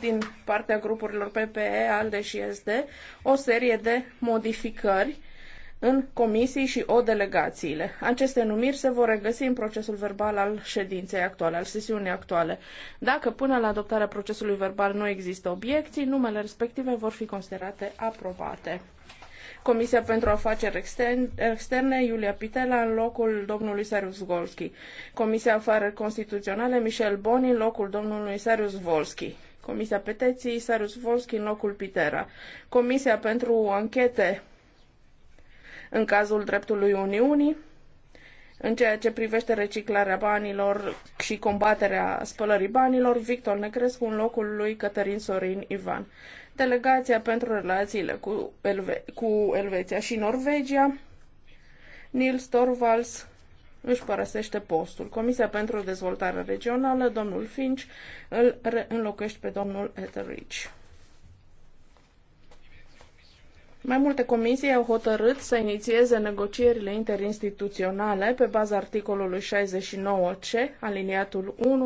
din partea grupurilor PPE, ALDE și SD o serie de modificări în comisii și o delegațiile. Aceste numiri se vor regăsi în procesul verbal al ședinței actuale, al sesiunii actuale. Dacă până la adoptarea procesului verbal nu există obiecții, numele respective vor fi considerate aprobate. Comisia pentru Afaceri Externe, Iulia Pitela, în locul domnului Sarius Golski. Comisia Afară Constituționale, Michel Boni, în locul domnului Sarius Volski. Comisia Peteții, Sarus Volski în locul Pitera. Comisia pentru anchete în cazul dreptului Uniunii, în ceea ce privește reciclarea banilor și combaterea spălării banilor, Victor Necrescu în locul lui Cătărin Sorin Ivan. Delegația pentru relațiile cu, Elve- cu Elveția și Norvegia, Nils Torvalds își părăsește postul. Comisia pentru Dezvoltare Regională, domnul Finch, îl înlocuiește pe domnul Etheridge. Mai multe comisii au hotărât să inițieze negocierile interinstituționale pe baza articolului 69C, aliniatul 1